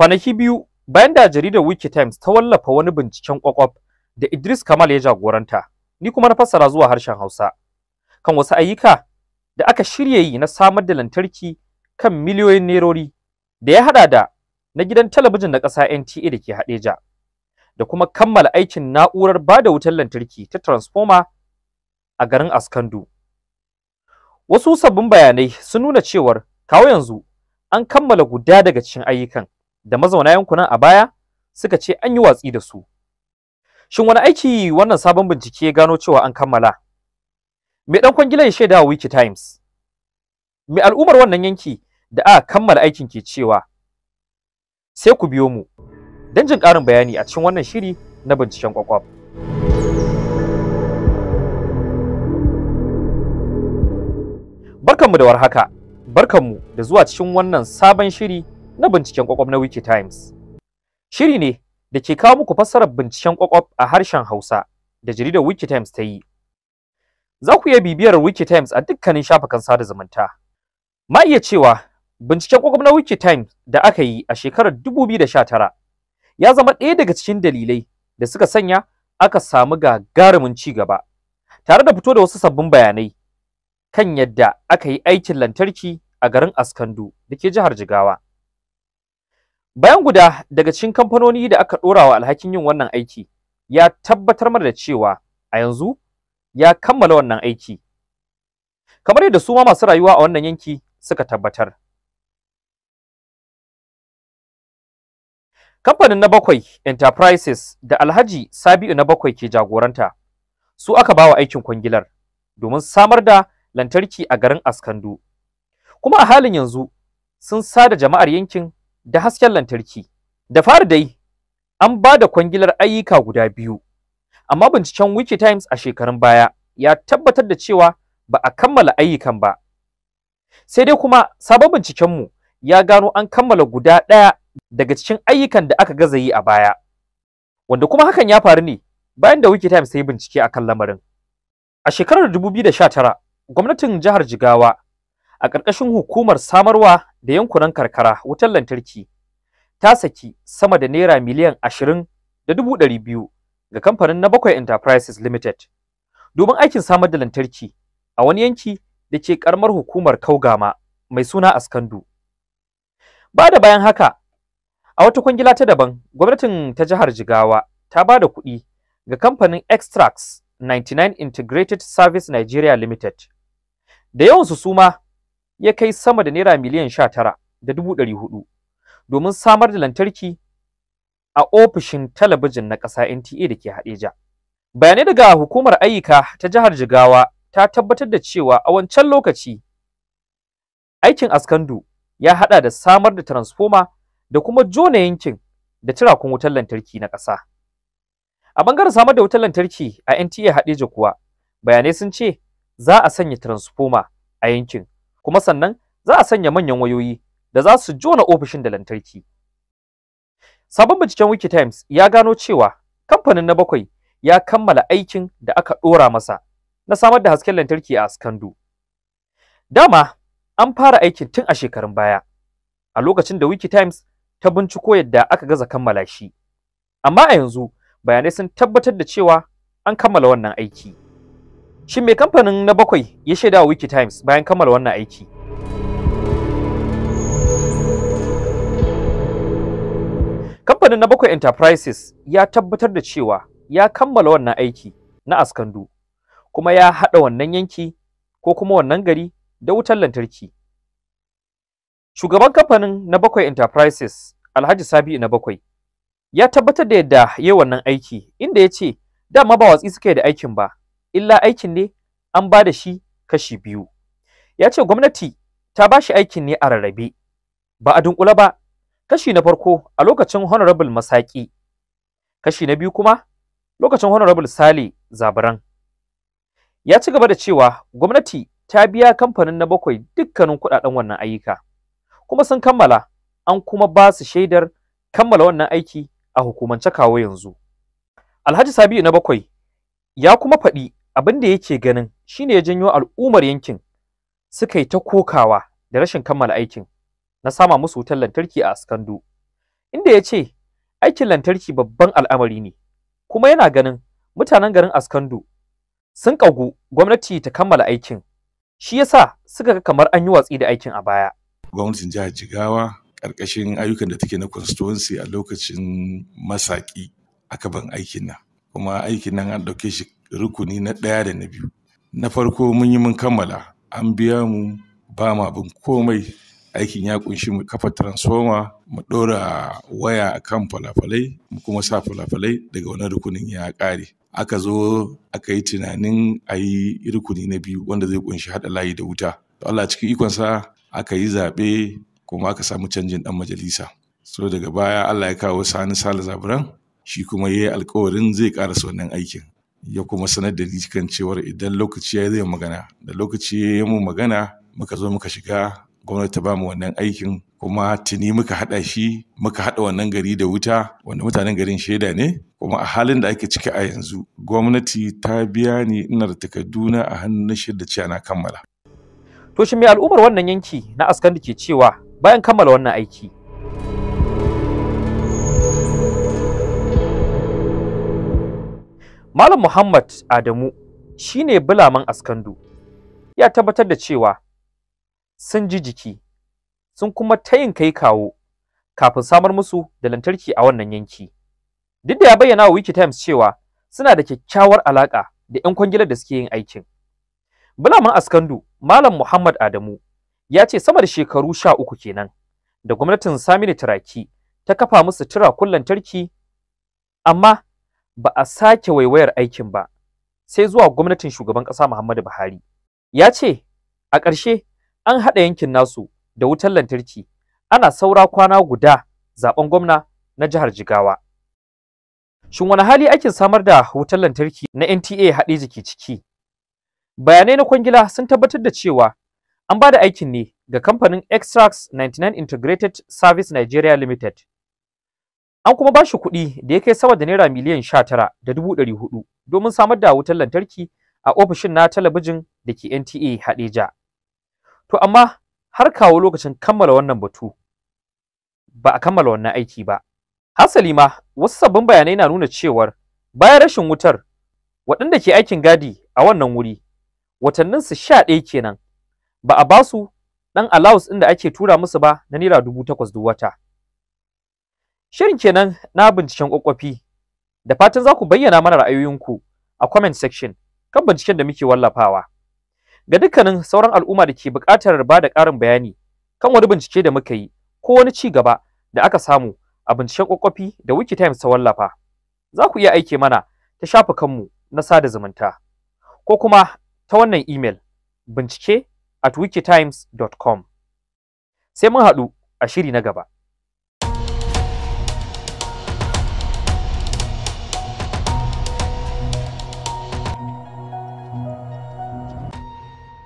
Kwanaki biyu bayan da jaridar Wikitimes ta wallafa wani binciken kwakwaf da Idris Kamal ya jagoranta, ni kuma na fassara zuwa harshen Hausa kan wasu ayyuka da aka shirya yi na samar da lantarki kan miliyoyin nerori da ya haɗa da na gidan talabijin na ƙasa NTA da ke Hadeja da kuma kammala aikin na'urar ba da wutar lantarki ta transformer a garin Askandu. Wasu sabbin bayanai sun nuna cewar kawo yanzu an kammala guda daga cikin ayyukan da mazauna yankunan a baya suka ce an yi watsi da su. Shin wani aiki wannan sabon bincike ya gano cewa an kammala? Me ɗan kwangilar ya shaida wa Wiki Times? Me al'ummar wannan yanki da A kammala aikin ke cewa? Sai ku biyo mu don jin ƙarin bayani a cikin wannan shiri na binciken kwakwaf. Barkanmu da warhaka, barkanmu da zuwa cikin wannan sabon shiri na binciken kwakwaf na Wikitimes. Shiri ne da ke kawo muku fassarar binciken kwakwaf a harshen Hausa da jaridar Wikitimes ta yi. Za ku iya bibiyar Wikitimes a dukkanin shafukan sada zumunta. Ma iya cewa binciken kwakwaf na Times da aka yi a shekarar 2019 ya zama ɗaya daga cikin dalilai da suka sanya aka samu gagarumin ci gaba tare da fito da wasu sabbin bayanai kan yadda aka yi aikin lantarki a garin Askandu da ke jihar Jigawa. bayan guda daga cikin kamfanoni da aka ɗora wa alhakin yin wannan aiki ya tabbatar mana da cewa a yanzu ya kammala wannan aiki kamar yadda su ma masu rayuwa a wannan yanki suka tabbatar kamfanin na bakwai enterprises da alhaji sabi'u na bakwai ke jagoranta su aka bawa aikin kwangilar domin samar da lantarki a garin askandu kuma a halin yanzu sun sada jama'ar yankin da hasken lantarki. Da fara dai, an ba da kwangilar ayyuka guda biyu, amma binciken Wikitimes a shekarun baya ya tabbatar da cewa ba a kammala ayyukan ba. Sai dai kuma sabon bincikenmu ya gano an kammala guda ɗaya daga cikin ayyukan da aka gaza yi a baya, wanda kuma hakan ya faru ne bayan da Wikitimes ta yi bincike akan lamarin. A shekarar 2019, gwamnatin jihar Jigawa a ƙarƙashin hukumar samarwa da yankunan karkara wutar lantarki ta saki sama da naira miliyan ashirin da dubu ɗari biyu ga kamfanin na bakwai enterprises limited domin aikin samar da lantarki a wani yanki da ke ƙaramar hukumar kaugama mai suna askandu ba da bayan haka a wata kwangila ta daban gwamnatin ta jihar jigawa ta ba da kuɗi ga kamfanin extracts 99 integrated service nigeria limited da yawansu suma ya kai sama da naira miliyan sha tara da dubu ɗari hudu domin samar da lantarki a ofishin talabijin na ƙasa NTA da ke Hadeja. Bayanai daga hukumar ayyuka ta jihar Jigawa ta tabbatar da cewa a wancan lokaci aikin askandu ya haɗa da samar da transfoma da kuma jona yankin da tirakun wutar lantarki na ƙasa. A ɓangaren samar da wutar lantarki a NTA Hadeja kuwa bayanai sun ce za a sanya transfoma a yankin kuma sannan za a sanya manyan wayoyi da za su jona ofishin da lantarki. Sabon binciken Wikitimes ya gano cewa kamfanin na bakwai ya kammala aikin da aka ɗora masa na samar da hasken lantarki a Askandu. Dama an fara aikin tun a shekarun baya, a lokacin da Wikitimes ta binciko yadda aka gaza kammala shi. Amma a yanzu bayanai sun tabbatar da cewa an kammala wannan aiki. Shin mai kamfanin na bakwai ya shaida wiki Times bayan kammala wannan aiki? Kamfanin na bakwai Enterprises ya tabbatar da cewa ya kammala wannan aiki na askandu kuma ya haɗa wannan yanki ko kuma wannan gari da wutar lantarki. Shugaban kamfanin na bakwai Enterprises Alhaji Sabi na bakwai ya tabbatar da yadda ya wannan aiki inda ya ce dama ba watsi suke da aikin ba illa aikin ne an ba da shi kashi biyu ya ce gwamnati ta ba shi aikin ne a rarrabe ba a dunkula ba kashi na farko a lokacin honorable masaki kashi na biyu kuma lokacin honorable sale zabaran ya ci gaba da cewa gwamnati ta biya kamfanin na bakwai dukkanin kudaden wannan ayyuka kuma sun kammala an kuma ba su shaidar kammala wannan aiki a hukumance kawo yanzu alhaji sabiu na bakwai ya kuma faɗi abin da yake ganin shine ya janyo al'ummar yankin suka yi ta kokawa da rashin kammala aikin na sama musu wutar lantarki a Askandu inda ya ce aikin lantarki babban al'amari ne kuma yana ganin mutanen garin Askandu sun kagu gwamnati ta kammala aikin shi yasa suka ga kamar an yi watsi da aikin a baya gwamnatin jihar Jigawa ƙarƙashin ayyukan da take na constituency a lokacin masaki aka ban aikin nan kuma aikin nan an ɗauke shi rukuni na ɗaya da na biyu na farko mun yi mun kammala an biya mu ba ma abin komai aikin ya kunshi mu kafa transformer mu ɗora waya a kan falafalai mu kuma sa falafalai daga wani rukunin ya ƙare aka zo aka yi tunanin a yi rukuni na biyu wanda zai kunshi haɗa layi da wuta to Allah cikin ikonsa aka yi zaɓe kuma aka samu canjin ɗan majalisa so daga baya Allah ya kawo sani sale zaburan shi kuma ya yi alkawarin zai ƙara wannan aikin ya kuma sanar da ni kan cewar idan lokaci ya zai magana da lokaci ya yi mu magana muka zo muka shiga gwamnati ta bamu wannan aikin kuma tuni muka haɗa shi muka haɗa wannan gari da wuta wanda mutanen garin shaida ne kuma a halin da ake ciki a yanzu gwamnati ta biya ni ina da takarduna a hannun na shirda cewa na kammala. To shi mai al'ummar wannan yanki na askan da ke cewa bayan kammala wannan aiki Malam Muhammad Adamu shine bulaman askandu ya tabbatar da cewa sun ji jiki sun kuma tayin kai kawo kafin samar musu da lantarki a wannan yanki. Duk da ya bayyana wa Wikitimes cewa suna da kyakkyawar alaƙa da 'yan kwangilar da suke yin aikin. Bulaman Askandu, Malam Muhammad Adamu, ya ce sama da shekaru sha uku kenan da gwamnatin Saminu Turaki ta kafa musu tirakun lantarki, amma ba a sake waiwayar aikin ba sai zuwa gwamnatin shugaban ƙasa Muhammadu Buhari. Ya ce, a ƙarshe an haɗa yankin nasu da wutar lantarki ana saura kwana guda zaben gwamna na jihar Jigawa. Shin wani hali ake samar da wutar lantarki na NTA haɗe jiki ciki? Bayanai na kwangila sun tabbatar da cewa an ba da aikin ne ga kamfanin Extracts 99 Integrated Service Nigeria Limited An kuma ba shi kuɗi da ya kai sama da naira miliyan sha tara da dubu ɗari hudu domin samar da wutar lantarki a ofishin na talabijin da ke NTA Hadeja. To amma har kawo lokacin kammala wannan batu ba a kammala wannan aiki ba. Hasali ma wasu sabbin bayanai na nuna cewar bayan rashin wutar waɗanda ke aikin gadi a wannan wuri watannin su sha ɗaya kenan ba a basu ɗan allowance ɗin da ake tura musu ba na naira dubu takwas duk wata. Shirin kenan na binciken kwakwafi. Da fatan za ku bayyana mana ra'ayoyinku a comment section kan binciken da muke wallafawa. Ga dukkanin sauran al'umma da ke buƙatar ba da ƙarin bayani kan wani bincike da muka yi ko wani ci gaba da aka samu a binciken kwakwafi da Wikitimes ta wallafa. Za ku iya aike mana ta shafukanmu na sada zumunta ko kuma ta wannan email bincike at wikitimes.com. Sai mun haɗu a shiri na gaba.